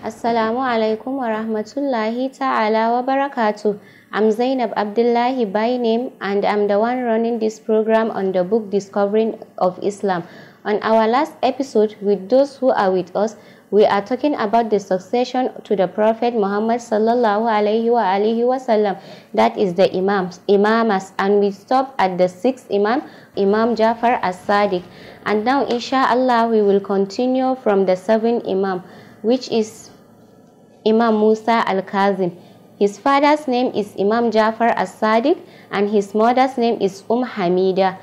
Assalamu alaikum wa rahmatullahi ta'ala wa barakatuh. I'm Zainab Abdullahi by name and I'm the one running this program on the book Discovering of Islam. On our last episode with those who are with us, we are talking about the succession to the Prophet Muhammad sallallahu alaihi wa wasallam. That is the Imams, Imamas, and we stopped at the sixth Imam, Imam Jafar as-Sadiq. And now, inshallah, we will continue from the seventh Imam, which is Imam Musa al-Kazim. His father's name is Imam Jafar as-Sadiq and his mother's name is Umm Hamida.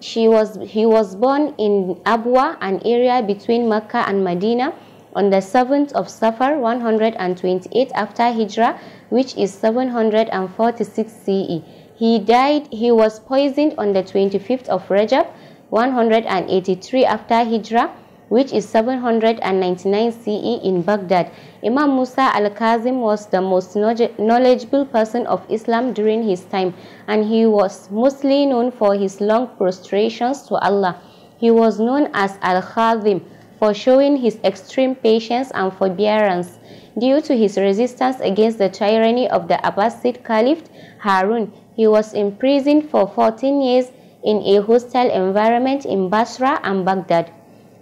She was, he was born in Abwa, an area between Mecca and Medina, on the 7th of Safar 128 after Hijrah, which is 746 CE. He died, he was poisoned on the 25th of Rajab 183 after Hijrah, which is 799 CE in Baghdad. Imam Musa al-Kazim was the most knowledgeable person of Islam during his time and he was mostly known for his long prostrations to Allah. He was known as al-Khazim for showing his extreme patience and forbearance. Due to his resistance against the tyranny of the Abbasid Caliph Harun, he was imprisoned for 14 years in a hostile environment in Basra and Baghdad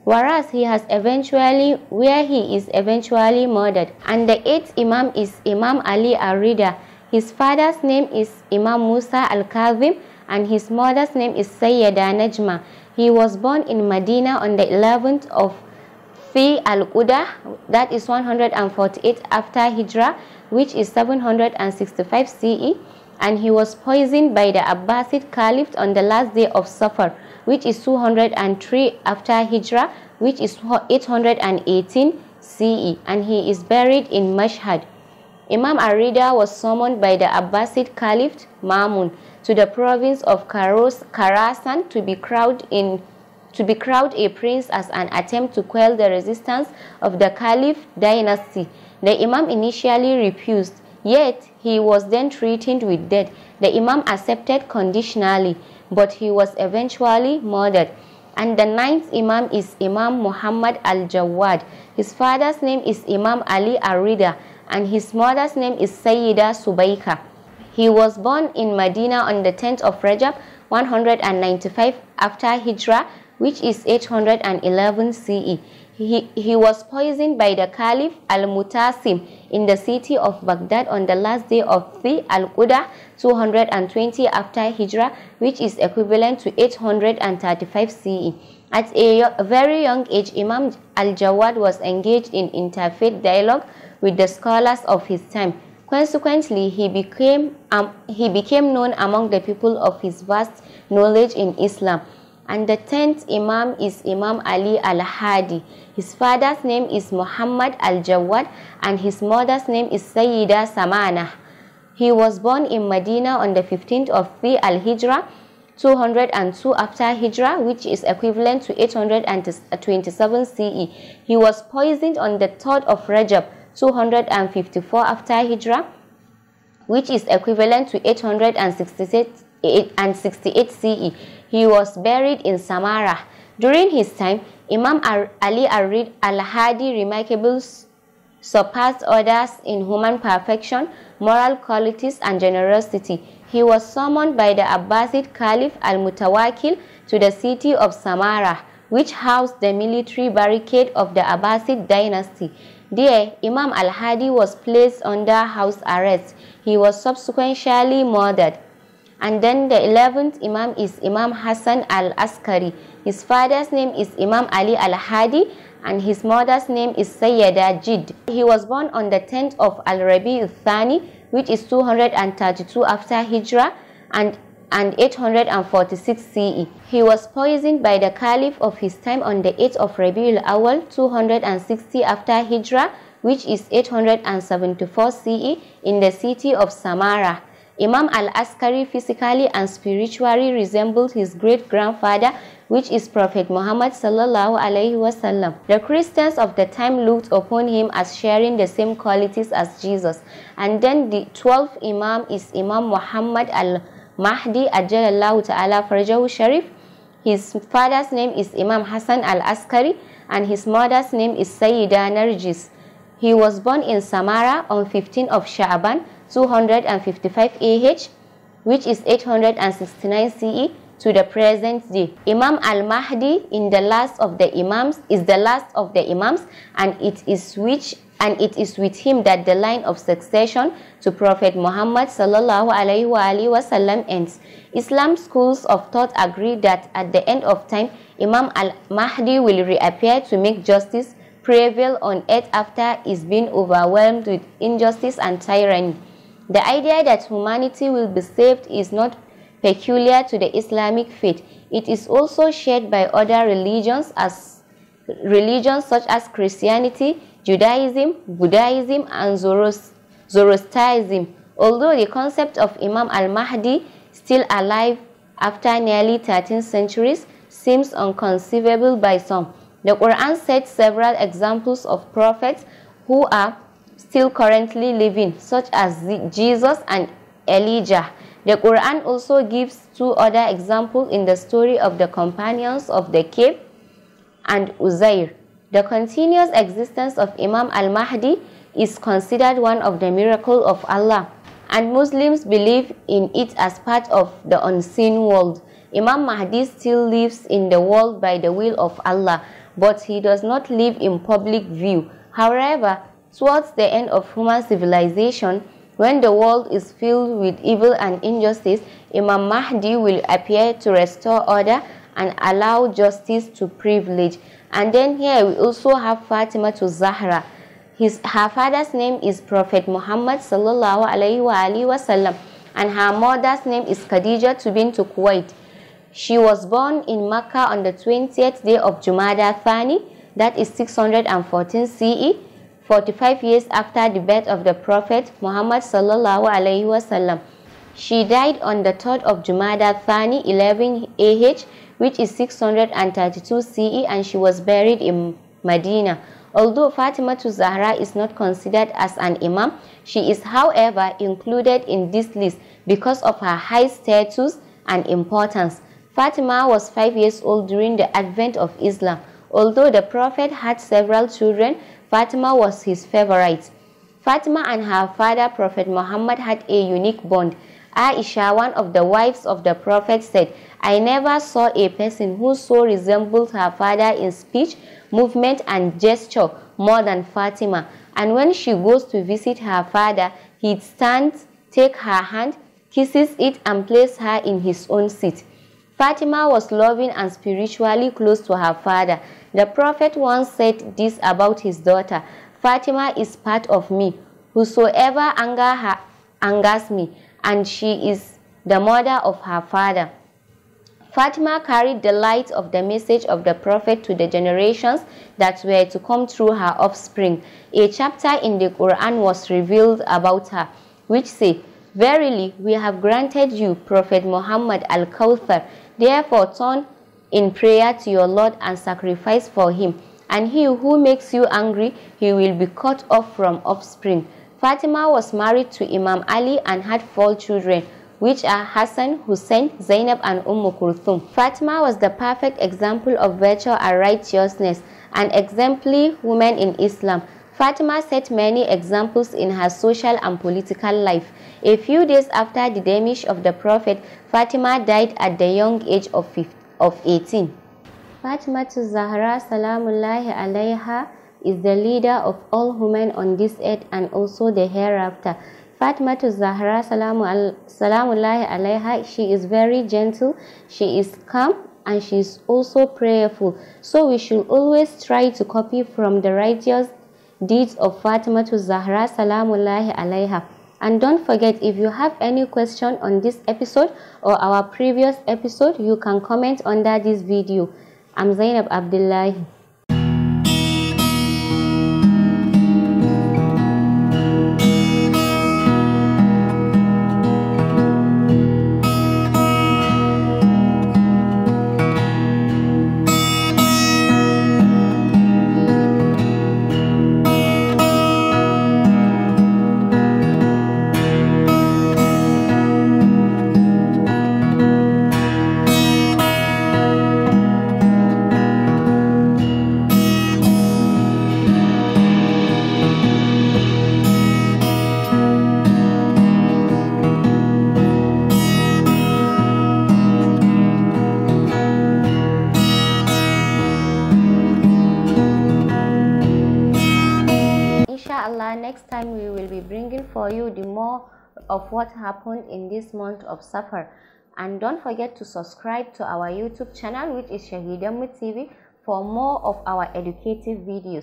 whereas he has eventually where he is eventually murdered and the eighth imam is imam ali arida his father's name is imam musa al-kazim and his mother's name is sayyida najma he was born in medina on the 11th of fi al-qudah that is 148 after hijrah which is 765 ce and he was poisoned by the Abbasid Caliph on the last day of Safar, which is 203 after Hijrah, which is 818 CE, and he is buried in Mashhad. Imam Arida was summoned by the Abbasid Caliph Mamun to the province of Karos, Karasan to be crowned in to be crowned a prince as an attempt to quell the resistance of the Caliph dynasty. The Imam initially refused, Yet he was then threatened with death. The Imam accepted conditionally, but he was eventually murdered. And the ninth Imam is Imam Muhammad al-Jawad. His father's name is Imam Ali Arida, and his mother's name is Sayyida Subaika. He was born in Medina on the 10th of Rajab 195 after Hijrah, which is 811 CE. He, he was poisoned by the Caliph al-Mutasim in the city of Baghdad on the last day of the al-Quda 220 after Hijrah, which is equivalent to 835 CE. At a very young age, Imam al-Jawad was engaged in interfaith dialogue with the scholars of his time. Consequently, he became, um, he became known among the people of his vast knowledge in Islam and the tenth Imam is Imam Ali al-Hadi. His father's name is Muhammad al-Jawad and his mother's name is Sayyida Samana. He was born in Medina on the 15th of Fi al hijra 202 after Hijra, which is equivalent to 827 CE. He was poisoned on the 3rd of Rajab 254 after Hijra, which is equivalent to 866 and 68 CE. He was buried in Samarra. During his time, Imam Ali al-Hadi remarkable surpassed others in human perfection, moral qualities, and generosity. He was summoned by the Abbasid Caliph al-Mutawakil to the city of Samarra, which housed the military barricade of the Abbasid dynasty. There, Imam al-Hadi was placed under house arrest. He was subsequently murdered. And then the 11th Imam is Imam Hassan al-Askari. His father's name is Imam Ali al-Hadi and his mother's name is Sayyida Jid. He was born on the 10th of Al-Rabi al-Thani, which is 232 after Hijrah and, and 846 CE. He was poisoned by the Caliph of his time on the 8th of Rabi al-Awwal, 260 after Hijrah, which is 874 CE in the city of Samarra. Imam al-Askari physically and spiritually resembled his great-grandfather, which is Prophet Muhammad sallallahu alaihi wasallam. The Christians of the time looked upon him as sharing the same qualities as Jesus. And then the 12th Imam is Imam Muhammad al-Mahdi ajallahu ta'ala al sharif. His father's name is Imam Hassan al-Askari and his mother's name is Sayyida Narjis. He was born in Samara on 15 of Sha'ban 255 AH, which is 869 CE to the present day. Imam al-Mahdi in the last of the Imams is the last of the Imams and it is which and it is with him that the line of succession to Prophet Muhammad sallallahu alaihi wasallam ends. Islam schools of thought agree that at the end of time, Imam al-Mahdi will reappear to make justice prevail on earth after is being overwhelmed with injustice and tyranny. The idea that humanity will be saved is not peculiar to the Islamic faith. It is also shared by other religions as religions such as Christianity, Judaism, Buddhism, and Zoroastrianism. Although the concept of Imam al-Mahdi still alive after nearly 13 centuries seems unconceivable by some. The Quran sets several examples of prophets who are still currently living, such as Jesus and Elijah. The Quran also gives two other examples in the story of the companions of the cave and Uzair. The continuous existence of Imam al-Mahdi is considered one of the miracles of Allah, and Muslims believe in it as part of the unseen world. Imam Mahdi still lives in the world by the will of Allah, but he does not live in public view. However, towards the end of human civilization, when the world is filled with evil and injustice, Imam Mahdi will appear to restore order and allow justice to privilege. And then here we also have Fatima to Zahra. His, her father's name is Prophet Muhammad sallallahu alaihi wasallam, and her mother's name is Khadija to bint Kuwait. She was born in Makkah on the 20th day of Jumada Thani, that is 614 CE, 45 years after the birth of the Prophet Muhammad sallallahu alaihi wasallam. She died on the 3rd of Jumada Thani 11 AH which is 632 CE and she was buried in Medina. Although Fatima to Zahra is not considered as an imam, she is however included in this list because of her high status and importance. Fatima was 5 years old during the advent of Islam. Although the Prophet had several children, Fatima was his favorite. Fatima and her father Prophet Muhammad had a unique bond. Aisha, one of the wives of the Prophet, said, I never saw a person who so resembled her father in speech, movement, and gesture more than Fatima. And when she goes to visit her father, he stands, takes her hand, kisses it, and places her in his own seat. Fatima was loving and spiritually close to her father. The prophet once said this about his daughter, Fatima is part of me. Whosoever anger her, angers me, and she is the mother of her father. Fatima carried the light of the message of the prophet to the generations that were to come through her offspring. A chapter in the Quran was revealed about her, which say: Verily, we have granted you, Prophet Muhammad al-Kawthar, Therefore, turn in prayer to your Lord and sacrifice for him. And he who makes you angry, he will be cut off from offspring. Fatima was married to Imam Ali and had four children, which are Hassan, Hussein, Zainab, and Umm Kulthum. Fatima was the perfect example of virtue and righteousness, an exemplary woman in Islam. Fatima set many examples in her social and political life. A few days after the demise of the Prophet, Fatima died at the young age of, 15, of 18. Fatima Zahra Salamullahi alayha is the leader of all women on this earth and also the hereafter. Fatima to Zahra Salamullahi alayha, she is very gentle, she is calm and she is also prayerful. So we should always try to copy from the righteous deeds of Fatima to Zahra Salamullahi Alaiha. And don't forget, if you have any question on this episode or our previous episode, you can comment under this video. I'm Zainab Abdullahi. next time we will be bringing for you the more of what happened in this month of Safar. And don't forget to subscribe to our YouTube channel which is Shahidamu TV for more of our educative videos.